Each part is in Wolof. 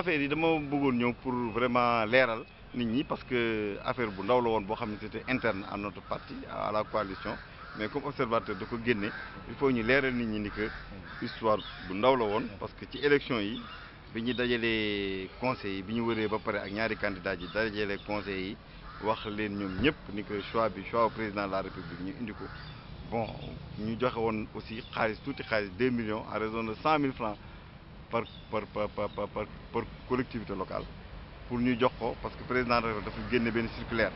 affaire yi dama bëggoon ñëw pour vraiment leeral nit ñi parce que affaire bu ndaw la woon boo xam ne c'était interne à notre parti à la coalition mais comme observateur da ko génne il faut ñu leeral nit ñi ni que histoire bu ndaw la woon parce que ci élection yi bi ñu dajale conseils yi bi ñu waree ba pare ak ñaari candidats yi dajalee conseil yi wax leen ñoom ñëpp ni que choix bi choix au président de la république ñu indi ko bon ñu joxe woon aussi xaalis tuuti xaalis deux millions à raison de cent mille par par par par par collectivité locale pour ñu jox ko parce que président dafa génne benn circulaire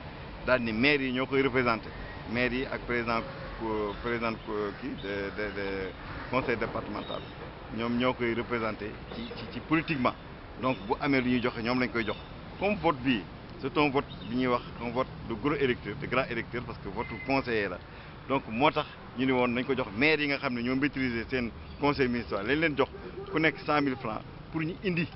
daal ni maire yi ñoo koy représenté maire yi ak président président kii de de de conseil départemental ñoom ñoo koy représenté ci ci politiquement donc bu amee lu ñuy joxe ñoom lañ koy jox comme vote bi c'est un vote bi ñuy wax un vote de gros électeur de grand électeur parce que vote conseiller la donc moo tax ñu ne woon nañ ko jox maire yi nga xam ne ñoo maîtriser seen conseil municipal lañ leen jox ku nekk cent mille francs pour ñu indi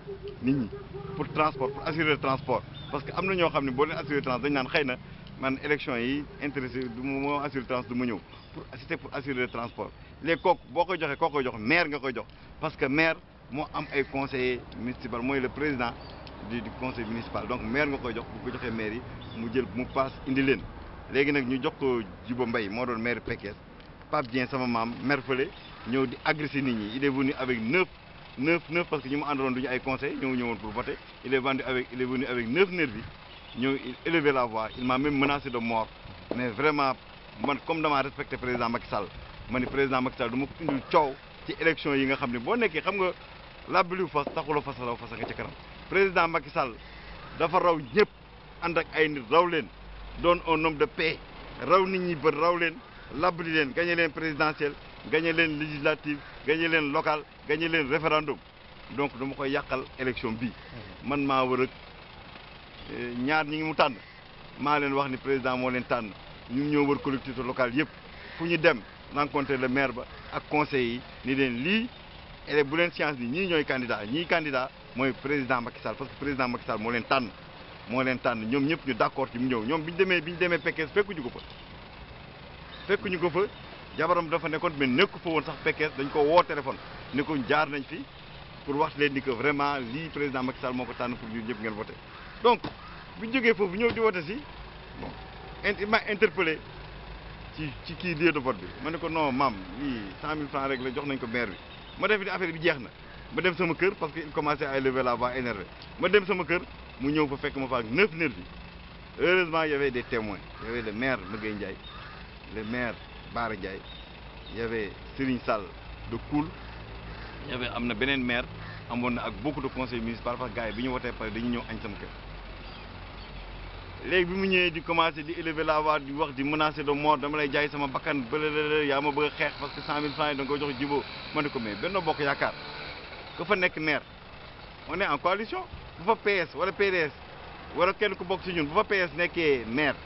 nit ñi pour transport pour assurer parce que am na ñoo xam ne boo leen assurer transport dañ naan xëy na man élection yi intéressé du ma assurer transport du ma ñëw pour c'était assurer transport léegi kooku boo koy joxee koo koy jox maire nga koy jox parce que maire moo am ay conseiller municipal mooy le président du conseil municipal donc maire nga koy jox bu ko joxee maire mu jël mu paas indi leen léegi nag ñu jox ko Juba Mbay moo doon maire Pekes Pape Dieng sama maam maire fële ñëw di agressé nit ñi il est venu avec neuf neuf neuf parce que ñu mu àndaloon du ñu ay conseil ñëw ñëwoon pour voter il est vendu avec il est venu avec neuf nervis ñëw élever la voix il m'a même menacé de mort mais vraiment man comme damaa respecté président Macky Sall ma ni président Macky Sall du ma ko coow ci élection yi nga xam ne boo nekkee xam nga labbiliwu fas taxula fasa law fasa nga ci kanam président Macky Sall dafa raw ñëpp ànd ak ay nit raw leen don on homme de paix raw nit ñi bët raw leen labli leen gagné leen présidentielle gagné leen législative gagné leen local gagné leen référendum donc dama koy yàqal élection bi man maa war a eh, ñaar ñi ngi mu tànn maa leen wax ni président moo leen tànn ñu ñoo wër collectivité locale yëpp fu ñu dem rencontrer le maire ba ak conseil yi ni leen lii et bu leen science ni ñii ñooy candidat ñii candidat mooy président Macky Sall parce que président Macky Sall moo leen tànn moo leen tànn ñoom ñëpp ñu d'accord ci mu ñëw ñoom bi ñu demee bi ñu demee Pekes fekkuñu ko fa fekkuñu ko fa jabaram dafa nekkoon mais nekku fa woon sax Pekes dañ ko woo téléphone ne ko jaar nañ fi pour wax leen ni que vraiment lii président Macky Sall moo ko tànn pour ñu ñëpp ngeen voté donc bu ñu jógee foofu ñëw di voté si bon il m'a interpellé ci ci kii lieu de vote bi ma ne ko non maam lii cent mille francs rek jox nañ ko maire bi ma def ni bi jeex na ma dem sama kër parce que il commençait à élever la ma dem sama kër mu ñëw fa fekk ma fa ak neuf nervi heureusement y avait des témoins y le maire Magueye Ndiaye le maire Bara Ndiaye y avait Serigne Sall de Koul y am na beneen maire amoon na ak beaucoup de conseil municipal parce que gars yi bi ñu wotee pare dañu ñëw añ sama kër léegi bi mu ñëwee di commencer di élever la voix di wax di menacer de mort dama lay jaay sama bakkan bëlelël yaa ma bëgg a xeex parce que cent mille francs yi da nga jox jiboo ma ne ko mais Benno Bokk Yaakaar ku fa nekk maire on bu fa PS wala PDS wala kenn ku bokk ci ñun bu fa PS nekkee maire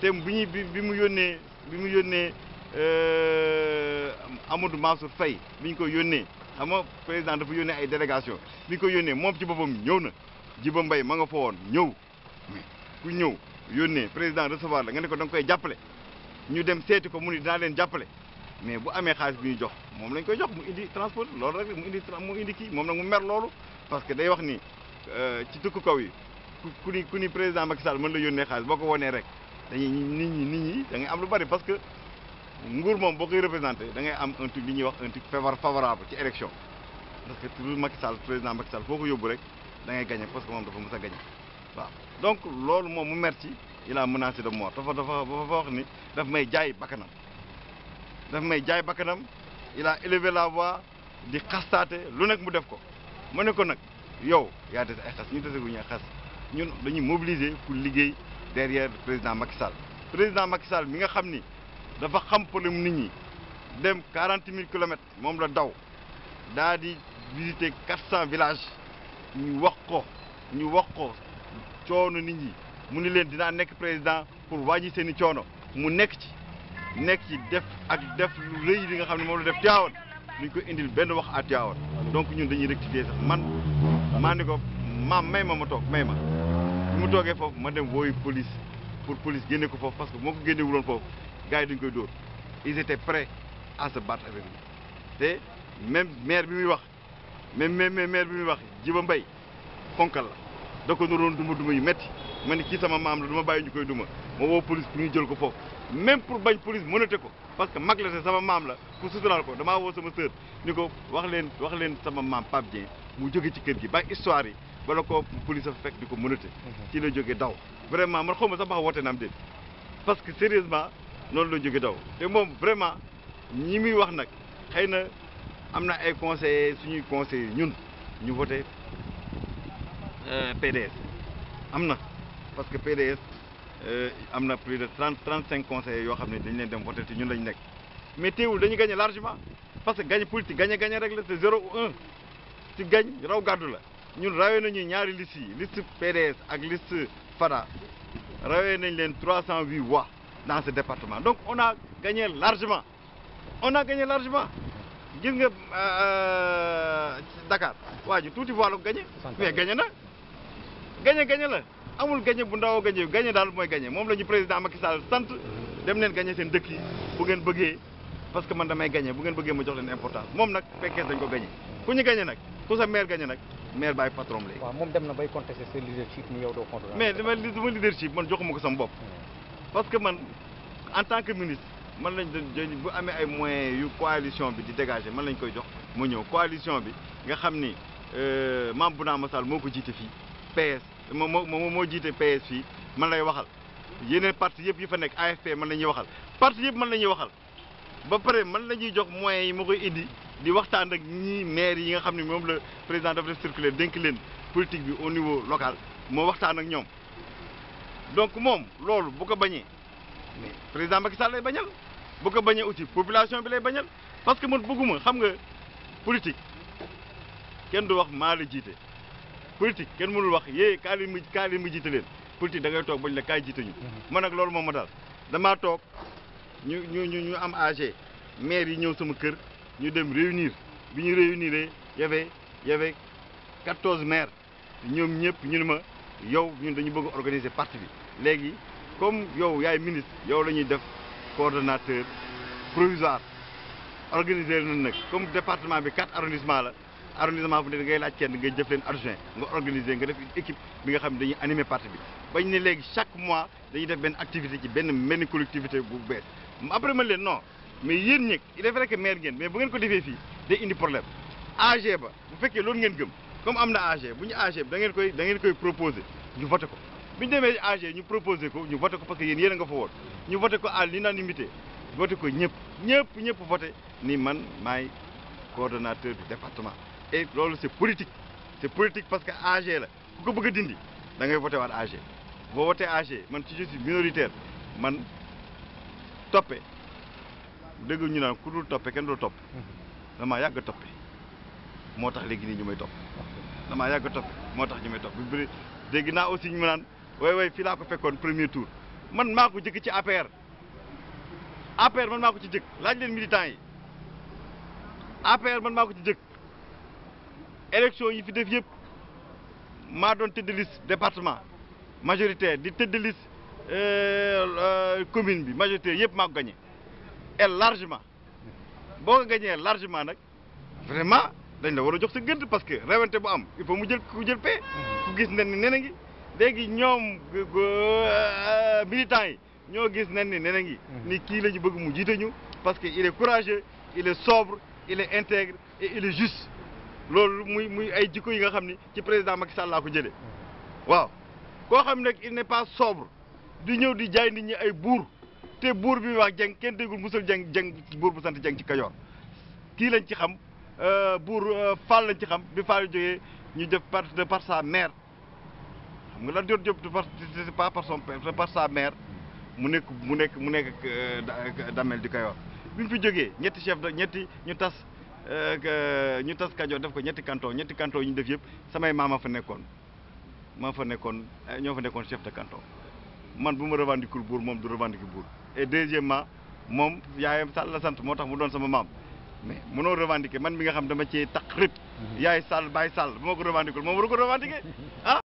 te bu ñu bi bi mu yónnee bi mu yónnee euh, Amadou Mansour Faye bi ñu ko yónnee xam nga président dafa yónnee ay délégation bi ñu ko yónnee moom ci boppam ñëw na Djiba Mbaye ma nga fa woon ñëw ku ñëw yónnee président recevoir la nga ne ko da nga koy jàppale ñu dem seeti ko mu ni dinaa leen jàppale mais bu amee xaalis bi ñu jox moom lañ koy jox mu indi transport loolu rek mu indi mu indi kii moom nag mu mer loolu parce que day wax ni euh, ci dëkk kaw yi ku ni président Macky Sall man la yónnee xaalis boo ko wonee rek dañuy nit ñi nit ñi da ngay am lu bari parce que nguur moom boo koy représenté da ngay am un truc li ñuy wax un truc favorable ci élection parce que toujours Macky Sall président Macky Sall foo ko yóbbu rek da ngay gagné parce que moom dafa mës a gagné waaw donc loolu moom mu mer ci il a menacé de mort dafa dafa dafa wax ni daf may jaay bakkanam dafa may jaay bakkanam il a la voix di xastaate lu nekk mu def ko ma ne ko nag yow yaa des ay xas ñu dese gu ñu xas ñun dañuy mobiliser pour liggéey derrière président Macky Sall président Macky mi nga xam ni dafa xam problème nit ñi dem quarante mille kilomètres moom la daw daa di visiter quatre cent village ñu wax ko ñu wax ko coono nit ñi mu ni leen dinaa nekk président pour wàññi seen i coono mu nekk ci. nekk ci def ak def lu rëy li nga xam ne moom la def Tivaouane luñ ko indil benn wax à Tivaouane donc ñun dañuy rectifier sax man maa ni ko maam may ma ma toog may ma bi mu toogee foofu ma dem wooyu police pour police génne ko foofu parce que moo ko génne wuloon foofu gars yi dañ koy dóor ils étaient prêts à se te même maire bi muy wax même même maire bi muy wax Djiba Mbaye ponkal la da ko naroon duma duma yu metti ma ne ci sama maam la duma ma bàyyi ñu koy duma ma woo police pour ñu jël ko foofu même pour bañ police mënate ko parce que mag la sama maam la pour suturaal ko damaa woo sama sœur ni ko wax leen wax leen sama maam Pape Dieng mu jóge ci kër gi ba histoire yi bala ko police fa fekk di ko mënate mhm. ci la jóge daw vraiment man xaw ma sax ma woote na am déet parce que sérieusement noonu la jóge daw te moom vraiment ñi muy wax nag xëy na am na ay conseillers suñuy conseil ñun ñu voté euh, PDS am na parce que PDS Euh, am na plus de trente trente cinq conseillers yoo xam ne dañ leen dem voté te ñun ñu nekk mais teewul dañu gagné largement parce que gagné politique gagné gagné rek la c'est zéro ou un ci gañ raw gàddu la ñun rawee nañu ñaari liste yi liste PDS ak liste FADA rawee nañ leen trois cent huit voix dans ce département donc on a gagné largement on a gagné largement gis nga euh, Dakar waa ji tuuti voix la ko gagné mais gagné na gagné gagné la amul gagné bu ndaw a gagné gagné daal mooy gagné moom la ñu président Macky Sall sant dem leen gagné seen dëkk yi bu ngeen bëggee parce que man damay gañe bu ngeen bëggee ma jox leen importance moom nag fekkee dañ ko gagné ku ñu gagné nag ku sa maire gagné nag maire bàyyi patron léegi. moom dem na bay contesté seen leadership ni yow doo contre. mais dama dama leadership man joxuma hmm. parce que man en tant que ministre man lañ doon bu amee ay moyens yu coalition bi di dégagé man lañ koy jox mu ñëw coalition bi nga xam ni euh, Mame Bounama Sall moo ko jiite fii PS. moom moo moo jiite PS fii man lay waxal yeneen parti yëpp yi fa nekk AFP man la ñuy waxal parti yëpp man la ñuy waxal ba pare man la ñuy jox moyens yi ma koy indi di waxtaan ak ñii maire yi nga xam ni moom la président dafa def circulaire dénk leen politique bi au niveau local moo waxtaan ak ñoom donc moom loolu bu ko bañee mais président Macky Sall lay bañal bu ko bañee aussi population bi lay bañal parce que man bëgguma xam nga politique kenn du wax maa la jiite politique kenn mënul wax yee kaa leen ma kaa leen ma jiite leen politique da ngay toog bañ la kaay jiite ñu. Mhm. man nag loolu moom ma daal damaa toog ñu ñu ñu am AG maire yi ñëw sama kër ñu dem réunir bi ñu réunir y avait y avait quatorze maires ñoom ñëpp ñu ne ma yow ñu dañu bëgg organiser partie bi léegi comme yow yaay ministre yow la ñuy def coordonnateur provisoire organiser nañ nag comme département bi quatre arrondissement la. arrondissement bu ne ngay laaj kenn ngay jëf leen adjoint nga organiser nga def une équipe bi nga xam ne dañuy animer parti bi bañ ne léegi chaque mois dañuy def benn activité ci benn benn collectivité bu bees après man leen non mais yéen ñëg il est vrai que maire ngeen mais bu ngeen ko defee fii day indi problème AG ba bu fekkee loolu ngeen gëm comme am na AG bu ñu AG da ngeen koy da ngeen koy proposer ñu voté ko bi ñu demee AG ñu proposé ko ñu voté ko parce que yéen yéen nga fa ñ ñu voté ko à l'unanimité voté ko ñëpp ñëpp ñëpp voté ni man maay coordonnateur du département et eh, loolu c'est politique c'est politique parce que AG la ku ko bëgg a dindi da ngay voté waat AG boo voté AG man ci je suis minoritaire man toppe dëgg ñu naan ku dul toppe kenn dul topp damaa yàgg toppe moo tax léegi ni ñu may topp damaa yàgg toppe moo tax ñu may topp bu bëri dégg naa aussi ñu naan way way fii laa ko fekkoon premier tour man maa ko jëkk ci APR APR man maa ko ci jëkk laaj leen militants yi APR man maa ko ci jëkk élection yi fi def yëpp maa doon tëdd liste département majoritaire di tëdd liste euh, euh, commune bi majoritaire yëpp maa ko gagné et largement boo ko gagné largement nag vraiment dañ la war a jox sa gëdd parce que rewante bu am il faut mu jël ku jël gis nen ni nena ngi léegi ñoom euh, militants yi ñoo gis nen ni nena ngi ni kii la ñu bëgg mu jiite ñu parce que il est courageux il est sobre il est intègre et il est juste loolu muy muy ay jikko yi nga xam ni ci président Macky Sall laa ko jëlee mm-hmm. waaw koo xam ne il n'est pas sobre di ñëw di jaay nit ñi ay buur te buur bi wax jeng kenn déggul musul jeng jeng buur bu sant jeng ci Kajoor kii lañ ci xam euh, buur euh, Fall lañ ci xam bi Fall jógee ñu jëf par de par sa mère la jot jot de par par son mu nekk mu nekk mu nekk euh, damel di Kajoor bi ñu fi jógee ñetti chef de ñetti ñu tas. Euh, ñu tas Kajoor def ko ñetti canton ñetti canton yi ñu def yëpp samay maama fa nekkoon maa fa nekkoon eh, ñoo fa nekkoon chef de canton man bu ma revendiquer buur moom du revendiquer buur et deuxièmement moom yaayam Sall la sant moo tax mu doon sama maam mais mënoo revendiquer man mi nga xam dama cee taq rëpp mm-hmm. yaay Sall baay Sall bu ma ko revendiquer moom waru ko revendiquer ah